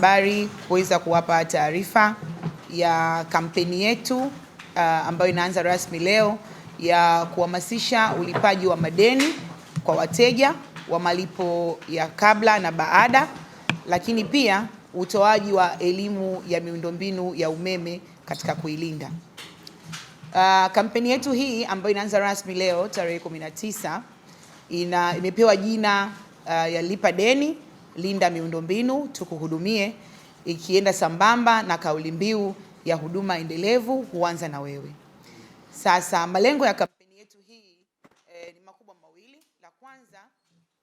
habari kuweza kuwapa taarifa ya kampeni yetu uh, ambayo inaanza rasmi leo ya kuhamasisha ulipaji wa madeni kwa wateja wa malipo ya kabla na baada, lakini pia utoaji wa elimu ya miundombinu ya umeme katika kuilinda. Uh, kampeni yetu hii ambayo inaanza rasmi leo tarehe 19 ina imepewa jina uh, ya lipa deni linda miundombinu tukuhudumie, ikienda sambamba na kauli mbiu ya huduma endelevu huanza na wewe. Sasa malengo ya kampeni yetu hii eh, ni makubwa mawili. La kwanza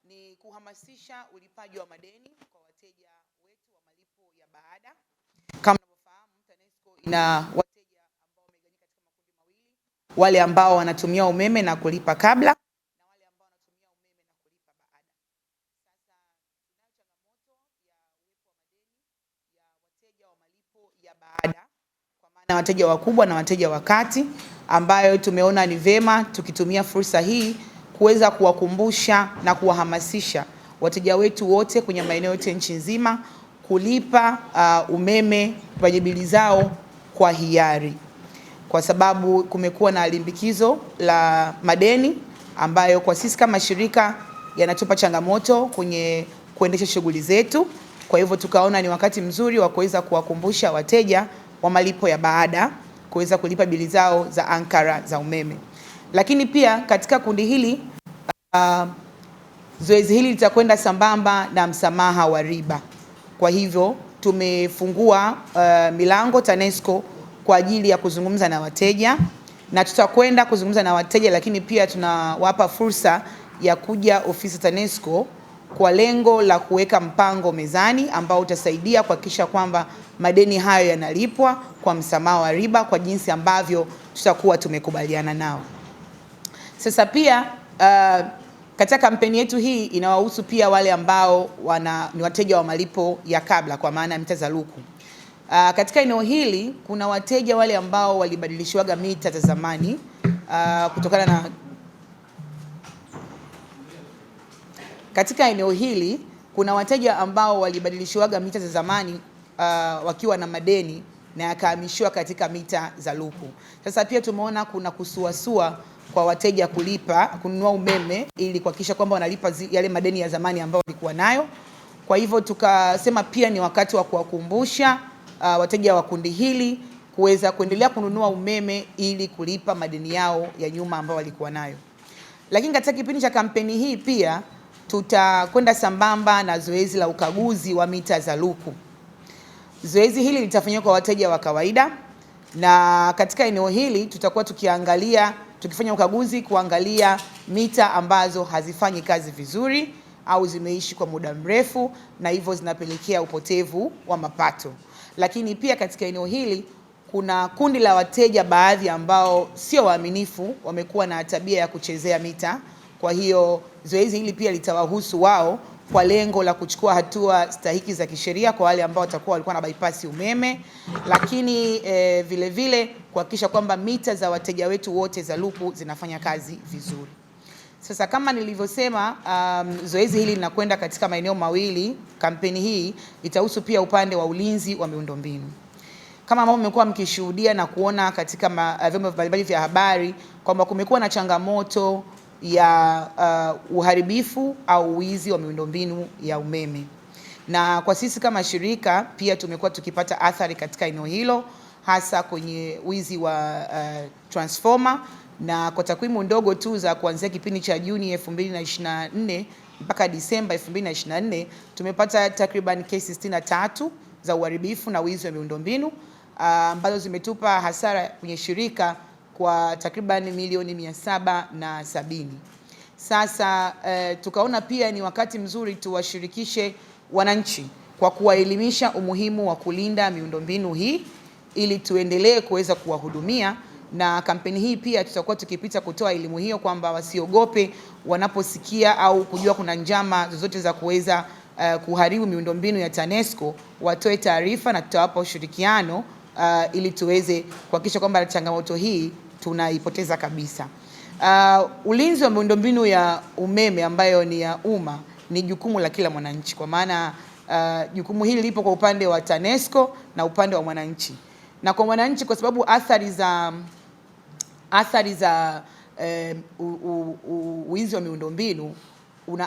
ni kuhamasisha ulipaji wa madeni kwa wateja wetu wa malipo ya baada. Kama unavyofahamu, TANESCO ina wateja ambao wamegawanyika katika makundi mawili, wale ambao wanatumia umeme na kulipa kabla ya baada kwa maana wateja wakubwa na wateja wa kati, ambayo tumeona ni vema tukitumia fursa hii kuweza kuwakumbusha na kuwahamasisha wateja wetu wote kwenye maeneo yote nchi nzima kulipa uh, umeme kwenye bili zao kwa hiari, kwa sababu kumekuwa na limbikizo la madeni ambayo kwa sisi kama shirika yanatupa changamoto kwenye kuendesha shughuli zetu. Kwa hivyo tukaona ni wakati mzuri wa kuweza kuwakumbusha wateja wa malipo ya baada kuweza kulipa bili zao za ankara za umeme. Lakini pia katika kundi hili uh, zoezi hili litakwenda sambamba na msamaha wa riba. Kwa hivyo tumefungua uh, milango TANESCO kwa ajili ya kuzungumza na wateja na tutakwenda kuzungumza na wateja, lakini pia tunawapa fursa ya kuja ofisi TANESCO kwa lengo la kuweka mpango mezani ambao utasaidia kuhakikisha kwamba madeni hayo yanalipwa kwa msamaha wa riba kwa jinsi ambavyo tutakuwa tumekubaliana nao. Sasa pia uh, katika kampeni yetu hii inawahusu pia wale ambao wana, ni wateja wa malipo ya kabla kwa maana ya mita za luku. Uh, katika eneo hili kuna wateja wale ambao walibadilishiwaga mita za zamani uh, kutokana na Katika eneo hili kuna wateja ambao walibadilishiwaga mita za zamani uh, wakiwa na madeni na yakahamishiwa katika mita za lupu. Sasa pia tumeona kuna kusuasua kwa wateja kulipa kununua umeme ili kuhakikisha kwamba wanalipa yale madeni ya zamani ambayo walikuwa nayo. Kwa hivyo tukasema pia ni wakati wa kuwakumbusha uh, wateja wa kundi hili kuweza kuendelea kununua umeme ili kulipa madeni yao ya nyuma ambayo walikuwa nayo. Lakini katika kipindi cha kampeni hii pia tutakwenda sambamba na zoezi la ukaguzi wa mita za luku. Zoezi hili litafanywa kwa wateja wa kawaida, na katika eneo hili tutakuwa tukiangalia, tukifanya ukaguzi kuangalia mita ambazo hazifanyi kazi vizuri au zimeishi kwa muda mrefu na hivyo zinapelekea upotevu wa mapato. Lakini pia katika eneo hili kuna kundi la wateja baadhi ambao sio waaminifu, wamekuwa na tabia ya kuchezea mita. Kwa hiyo zoezi hili pia litawahusu wao kwa lengo la kuchukua hatua stahiki za kisheria kwa wale ambao watakuwa walikuwa na bypass umeme, lakini eh, vile vile kuhakikisha kwamba mita za wateja wetu wote za lupu zinafanya kazi vizuri. Sasa kama nilivyosema, um, zoezi hili linakwenda katika maeneo mawili. Kampeni hii itahusu pia upande wa ulinzi wa miundombinu kama ambavyo mmekuwa mkishuhudia na kuona katika eh, vyombo mbalimbali vya habari kwamba kumekuwa na changamoto ya uh, uharibifu au wizi wa miundombinu ya umeme. Na kwa sisi kama shirika pia tumekuwa tukipata athari katika eneo hilo hasa kwenye wizi wa uh, transformer na kwa takwimu ndogo tu za kuanzia kipindi cha Juni 2024 mpaka Disemba 2024 tumepata takriban kesi 63 za uharibifu na wizi wa miundombinu uh, ambazo uh, zimetupa hasara kwenye shirika kwa takriban milioni mia saba na sabini. Sasa eh, tukaona pia ni wakati mzuri tuwashirikishe wananchi kwa kuwaelimisha umuhimu wa kulinda miundombinu hii ili tuendelee kuweza kuwahudumia na kampeni hii pia tutakuwa tukipita kutoa elimu hiyo kwamba wasiogope wanaposikia au kujua kuna njama zozote za kuweza uh, kuharibu miundombinu ya TANESCO watoe taarifa na tutawapa ushirikiano uh, ili tuweze kuhakikisha kwamba changamoto hii tunaipoteza kabisa. Uh, ulinzi wa miundombinu ya umeme ambayo ni ya umma ni jukumu la kila mwananchi, kwa maana uh, jukumu hili lipo kwa upande wa TANESCO na upande wa mwananchi, na kwa mwananchi kwa sababu athari za athari za eh, uwizi um, wa miundombinu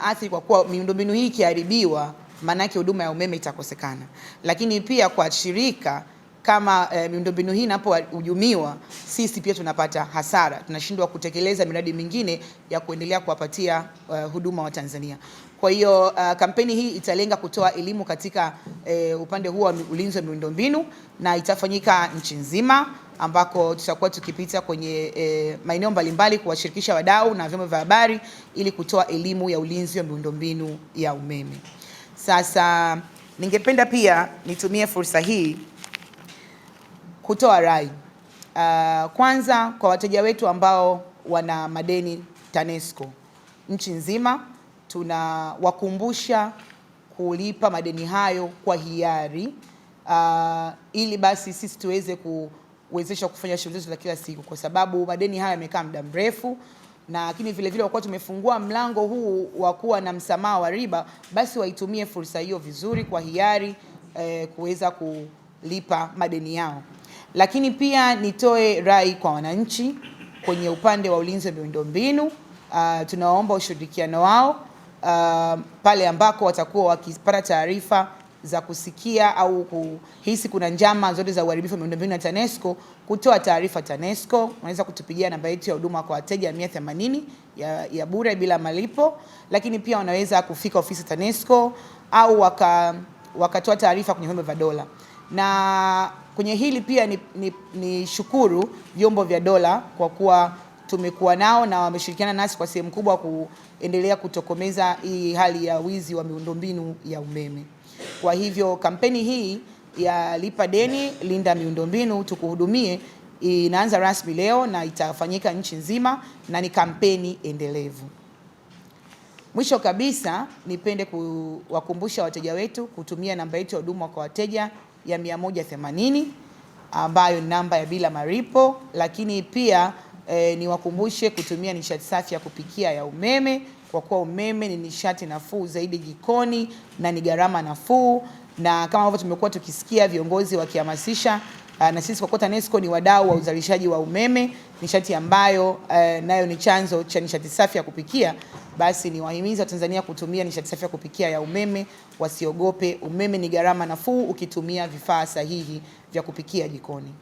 athari kwa kuwa miundombinu hii ikiharibiwa, maana yake huduma ya umeme itakosekana, lakini pia kwa shirika kama e, miundombinu hii inapohujumiwa, sisi pia tunapata hasara, tunashindwa kutekeleza miradi mingine ya kuendelea kuwapatia uh, huduma wa Tanzania. Kwa hiyo uh, kampeni hii italenga kutoa elimu katika uh, upande huo wa ulinzi wa miundombinu na itafanyika nchi nzima ambako tutakuwa tukipita kwenye eh, maeneo mbalimbali kuwashirikisha wadau na vyombo vya habari ili kutoa elimu ya ulinzi wa miundombinu ya umeme. Sasa ningependa pia nitumie fursa hii kutoa rai uh, kwanza kwa wateja wetu ambao wana madeni TANESCO nchi nzima, tunawakumbusha kulipa madeni hayo kwa hiari uh, ili basi sisi tuweze kuwezesha kufanya shughuli zetu za kila siku, kwa sababu madeni hayo yamekaa muda mrefu na lakini vile vile wakuwa tumefungua mlango huu wa kuwa na msamaha wa riba, basi waitumie fursa hiyo vizuri kwa hiari eh, kuweza kulipa madeni yao. Lakini pia nitoe rai kwa wananchi kwenye upande wa ulinzi wa miundombinu uh, ah, tunawaomba ushirikiano wao uh, pale ambako watakuwa wakipata taarifa za kusikia au kuhisi kuna njama zote za uharibifu wa miundombinu ya TANESCO kutoa taarifa TANESCO. Unaweza kutupigia namba yetu ya huduma kwa wateja 180 ya, ya bure bila malipo, lakini pia wanaweza kufika ofisi TANESCO au waka wakatoa taarifa kwenye vyombo vya dola na Kwenye hili pia ni, ni, ni shukuru vyombo vya dola kwa kuwa tumekuwa nao na wameshirikiana nasi kwa sehemu kubwa kuendelea kutokomeza hii hali ya wizi wa miundombinu ya umeme. Kwa hivyo kampeni hii ya lipa deni linda miundombinu tukuhudumie inaanza rasmi leo na itafanyika nchi nzima na ni kampeni endelevu. Mwisho kabisa, nipende kuwakumbusha wateja wetu kutumia namba yetu ya huduma kwa wateja ya 180 ambayo ni namba ya bila maripo, lakini pia e, niwakumbushe kutumia nishati safi ya kupikia ya umeme kwa kuwa umeme ni nishati nafuu zaidi jikoni na ni gharama nafuu, na kama ambavyo tumekuwa tukisikia viongozi wakihamasisha Ah, na sisi kwa kuwa TANESCO ni wadau wa uzalishaji wa umeme, nishati ambayo uh, nayo ni chanzo cha nishati safi ya kupikia, basi ni wahimiza Watanzania kutumia nishati safi ya kupikia ya umeme, wasiogope. Umeme ni gharama nafuu ukitumia vifaa sahihi vya kupikia jikoni.